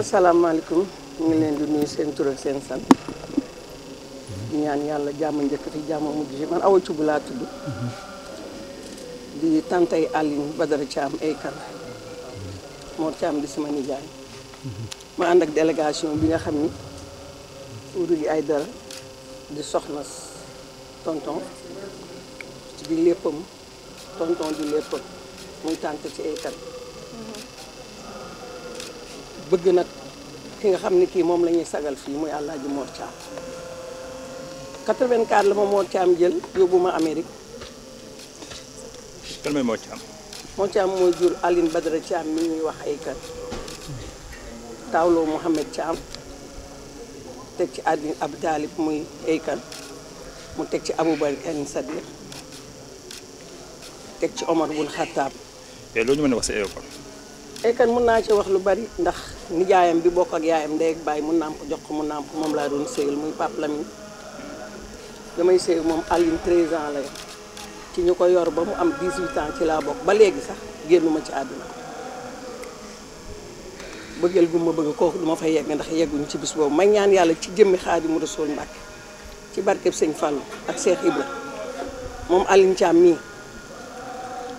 asalaamaaleykum ñu ngi leen di nuyu seen tur ak seen sant ñaan yàlla jàmm njëkk fi jàmm mujj si man Awa Thioub laa tudd di tantay Aline Badara Thiam ay kan Mor Thiam di sama nijaay ma ànd ak délégation bi nga xam ni Oudou gi ay dara di soxna tonton di léppam tonton di léppam muy tànt ci ay kan bëgg nag ki nga xam ni kii moom lañuy sagal fii muy Alaaji Mor Thiam 84 la ma Mor Thiam jël yóbbu ma Amérique. kan mooy Mor Thiam. Mor Thiam mooy jur Aline Badara Thiam mi ñuy wax ay kan taawloo Mouhamed Thiam teg ci Aline Ab Talib muy ay kan mu teg ci Aboubacar Sadiq teg ci Omar bun Khattab. Eh, loolu ñu mën wax si Akon. Akon mën naa ci wax lu bari ndax. nijaayam bi bokk ak yaayam ndey ak baay mu nàmp jox ko mu nàmp moom laa doon sëyal muy Pape Lamine damay sëy moom Aline 13 ans la ci ñu ko yor ba mu am 18 ans ci laa bokk ba léegi sax génnuma ci àdduna bëggal gu ma bëgg kooku duma fay yegg ndax yegguñu ci bis boobu may ñaan yàlla ci jëmmi Xaadimu Rasuul Mbàkke ci barkeb Sëñ Fallou ak Cheikh Ibra moom Aline Thiam mii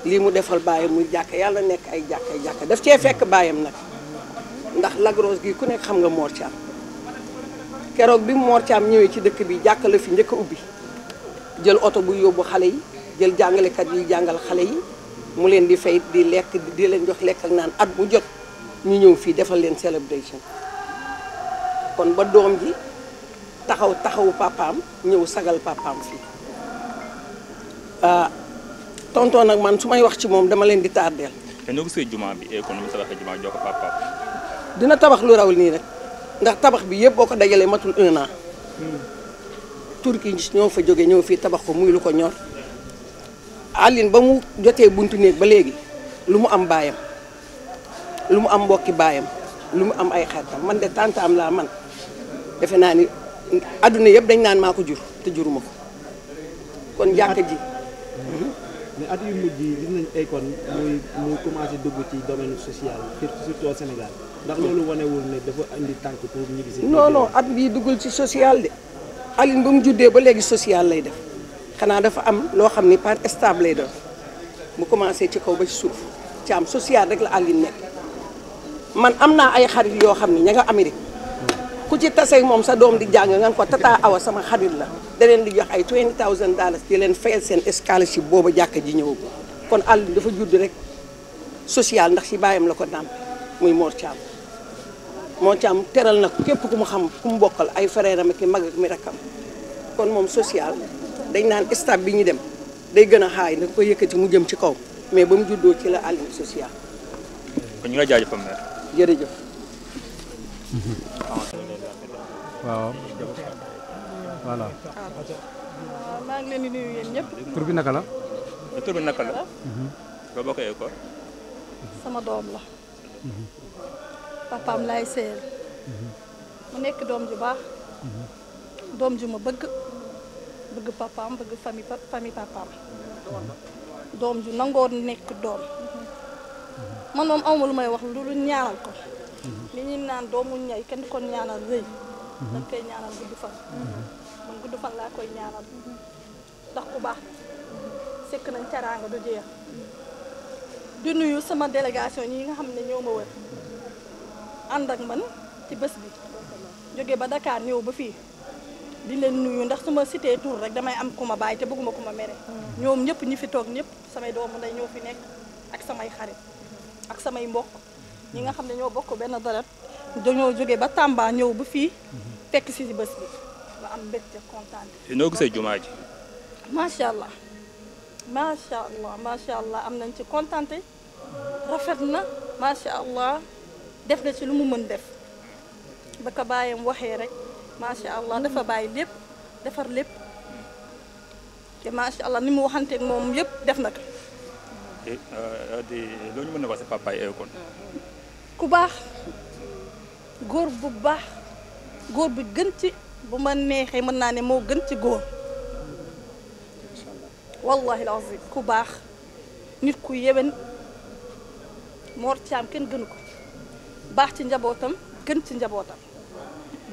lii mu defal baayam muy jàkk yàlla nekk ay jàkk ay jàkk daf cee fekk baayam nag ndax Lac gi ku nekk xam nga Mor Thiam keroog bi Mor Thiam ñëwee ci dëkk bi jàkkale fi njëkk ubbi jël oto bu yóbbu xale yi jël jàngalekat yuy jàngal xale yi mu leen di fay di lekk di leen jox lekk ak naan at bu jot ñu ñëw fii defal leen célébration kon ba doom ji taxaw taxawu papaam ñëw sagal papaam fii ah, tonton nag man su may wax ci moom dama leen di tardeel te noo gisee jumaa bi économie sa dafa jumaa jox ko papaam dina tabax lu raw nii rek ndax tabax bi yëpp boo ko dajalee matul un an turki ñoo fa jóge ñëw fii tabax ko muy lu ko ñor Aline ba mu jotee buntu néeg ba léegi lu mu am baayam lu mu am mbokki baayam lu mu am ay xaritam man de tante am laa man defe naa ni adduna yëpp dañ naan maa ko jur te juruma ko kon jàkka ji mhm. mais at yu mujj yi gis nañ ay kon muy muy commencé dugg ci domaine social surtout ndax loolu wanewul ne dafa andi tànk pour ñibbisi non non at bii duggul ci social de Aline ba mu juddee ba léegi social lay def xanaa dafa am loo xam ni par stable lay def mu commencé ci kaw ba ci suuf ci am social rek la Aline nekk man am naa ay xarit yoo xam ni ña nga Amérique ku ci taseeg moom sa doom di jàng nga ko tata awa sama xarit la da leen di jox ay 20000 dollars di leen fayal seen scholarship boobu jàkka ji ñëw ñëwagul kon àll dafa judd rek social ndax ci bàyyam la ko nàmp muy Mor Thiam moo ci am teral nag képp ku mu xam ku mu bokkal ay frère am ak i mag ak mi rakkam kon moom social dañ naan stade bi ñu dem day gën a xaay nag ko yëkkati mu jëm ci kaw mais ba mu juddoo ci la alim social. kon ñu ngi lay tur bi naka la. tur bi naka la. nga mhm. bokkee ko. sama doom la. Mhm. papaam laay seeyal mu nekk doom ju baax doom ju ma bëgg bëgg papaam bëgg famille pa famille doom ju nangoo nekk doom man moom awma lu may wax lu ñaanal ko li ñuy naan doomu ñay kenn ko ñaanal rëy dañ koy ñaanal gudd fan man gudd fan laa koy ñaanal ndax ku baax sekk nañ teraanga du jeex di nuyu sama délégation ñi nga xam ne ñoo ma wër ànd ak man ci bës bi jóge ba Dakar ñëw ba fii di leen nuyu ndax su ma cité tour rek damay am ku ma te bëgguma ku ma mere ñoom ñëpp ñi fi toog ñëpp samay doomu nay ñoo fi nekk ak samay xarit ak samay mbokk ñi nga xam ne ñoo bokk benn deret dañoo jóge ba tàmbaa ñëw ba fii fekk si bës bés bi nga am mbégte kontaan noo gisee jumaa ji macha allah macha allah macha allah am nañ ci kontaan rafet na macha allah def la ci lu mu mën def ba ko baayam waxee rek macha allah dafa bàyyi lépp defar lépp te macha allah ni mu waxanteeg moom yëpp def na ko. di euh, mën a wax si papa yi kon. ku baax góor bu baax góor bi gën ci bu ma neexee mën naa ne moo gën ci góor wallahi lazim ku baax nit ku yewen Mor Thiam kenn gënu ko. baax ci njabootam gën ci njabootam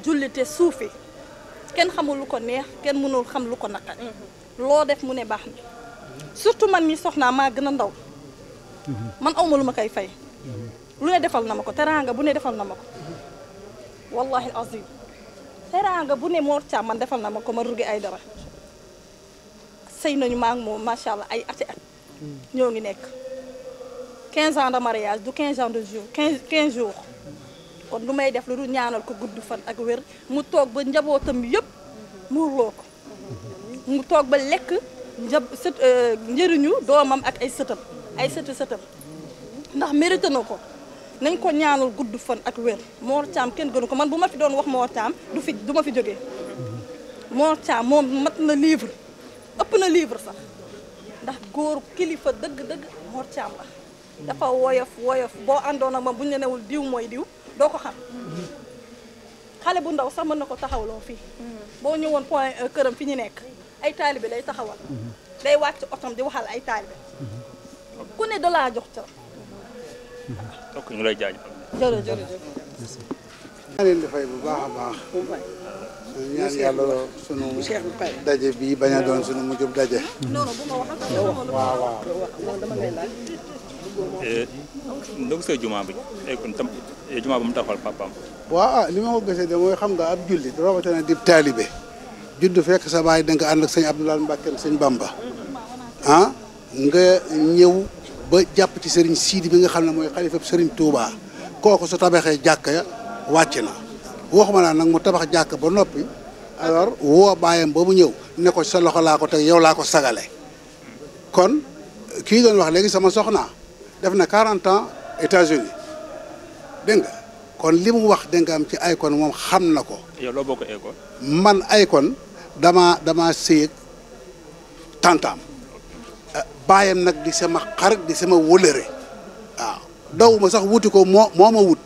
jullite suufi kenn xamul lu ko neex kenn mënul xam lu ko naqari mhm. loo def mu ne baax na surtout man mi soxnaa maa gën a ndaw mhm. man awma lu ma koy fay mhm. lu ne defal na ma ko teraanga bu ne defal na ma ko wallahi azim teraanga bu ne Mor Thiam man defal na ma ko ma rugi ay dara sëy nañu maa moom macha allah ay ati at ñoo ngi nekk 15 ans de mariage du 15 ans de jour 15 15 jours kon lu may def lu dul ñaanal ko gudd fan ak wér mu toog ba njabootam yëpp muurloo ko mu toog ba lekk njab sët euh, njëriñu doomam ak ay sëtam ay sëtu sëtam ndax mérité na ko nañ ko ñaanal gudd fan ak wér Mor Thiam kenn gënu ko man bu ma fi doon wax Mor Thiam du fi du ma fi jóge Mor Thiam moom mat na livre ëpp na livre sax ndax góor kilifa dëgg-dëgg Mor Thiam la dafa woyof woyof boo àndoon ak moom bu ñu newul diw mooy diw doo ko xam xale bu ndaw sax mën na ko taxawloo fii boo ñëwoon point euh, këram fi ñu nekk ay taalibe lay taxawal day wàcc otom di waxal ay taalibe ku ne da laa jox cër ok ñu lay jaajëfal jërëjëf ñaa leen di fay bu baax a baax ñaan yàlla sunu daje bii bañ a doon sunu mujjub daje waaw waaw Eh, nga gisee jumaa bi eh, tam eh, jumaa mu taxawal papaam. waaw ah, li ma ko de mooy xam nga ab jullit rawatina dib taalibe juddu fekk sa baay da nga ànd ak sëñ Abdoulaye Mbacke sëñ Bamba ah, nga ñëw ba jàpp ci sëriñ Sidi bi nga xam ne mooy xalifa sëriñ Touba kooku su tabaxee jàkka ya wàcc na waxuma naa nag mu tabax jàkk ba noppi alors woo baayam ba mu ñëw ne ko sa loxo laa ko teg yow laa ko sagale kon kii doon wax léegi sama soxnaa def na 40 ans États-Unis dégg kon li mu wax dégg nga am ci Akon moom xam na ko. yow loo bokk Akon. man Akon dama dama séy tantaam eh, baayam nag di sama xarit di sama wëlëre waaw daw ma sax wuti ko moo moo ma wut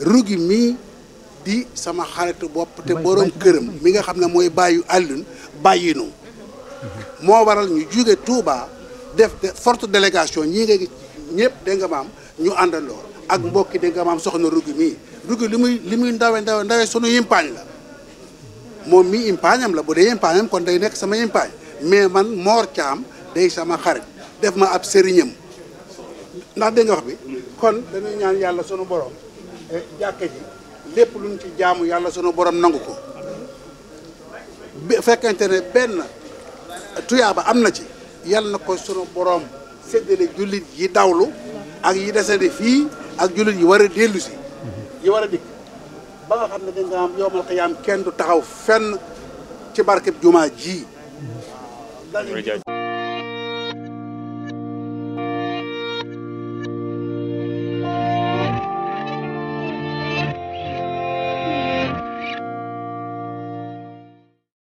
rugi mii di sama xaritu bopp te borom këram mi nga xam ne mooy bàyyu àllun bàyyinu mhm. moo waral ñu jóge Touba def forte délégation ñi nga ñépp dégg nga maam ñu àndandoo ak mbokki dégg nga maam soxna Rugi mii Rugi li muy li muy ndawe ndawe ndawe sunu yimpaañ la moom mi impaañam la bu dee impaañam kon day nekk sama impaañ mais man Mor Thiam day sama xarit def ma ab sëriñam ndax dégg nga wax bi kon dañuy ñaan yàlla sunu borom eh, jàkka ji lépp lu ñu ci jaamu yàlla sunu borom nangu ko fekkente ne benn tuyaaba am na ci yàlla na ko sunu borom. séddale jullit yi dawlu ak yi desandi fii ak jullit yi war a dellu si yi war a dikk ba nga xam ne dañ nga am yowmal xiyaam kenn du taxaw fenn ci barkeb jumaa ji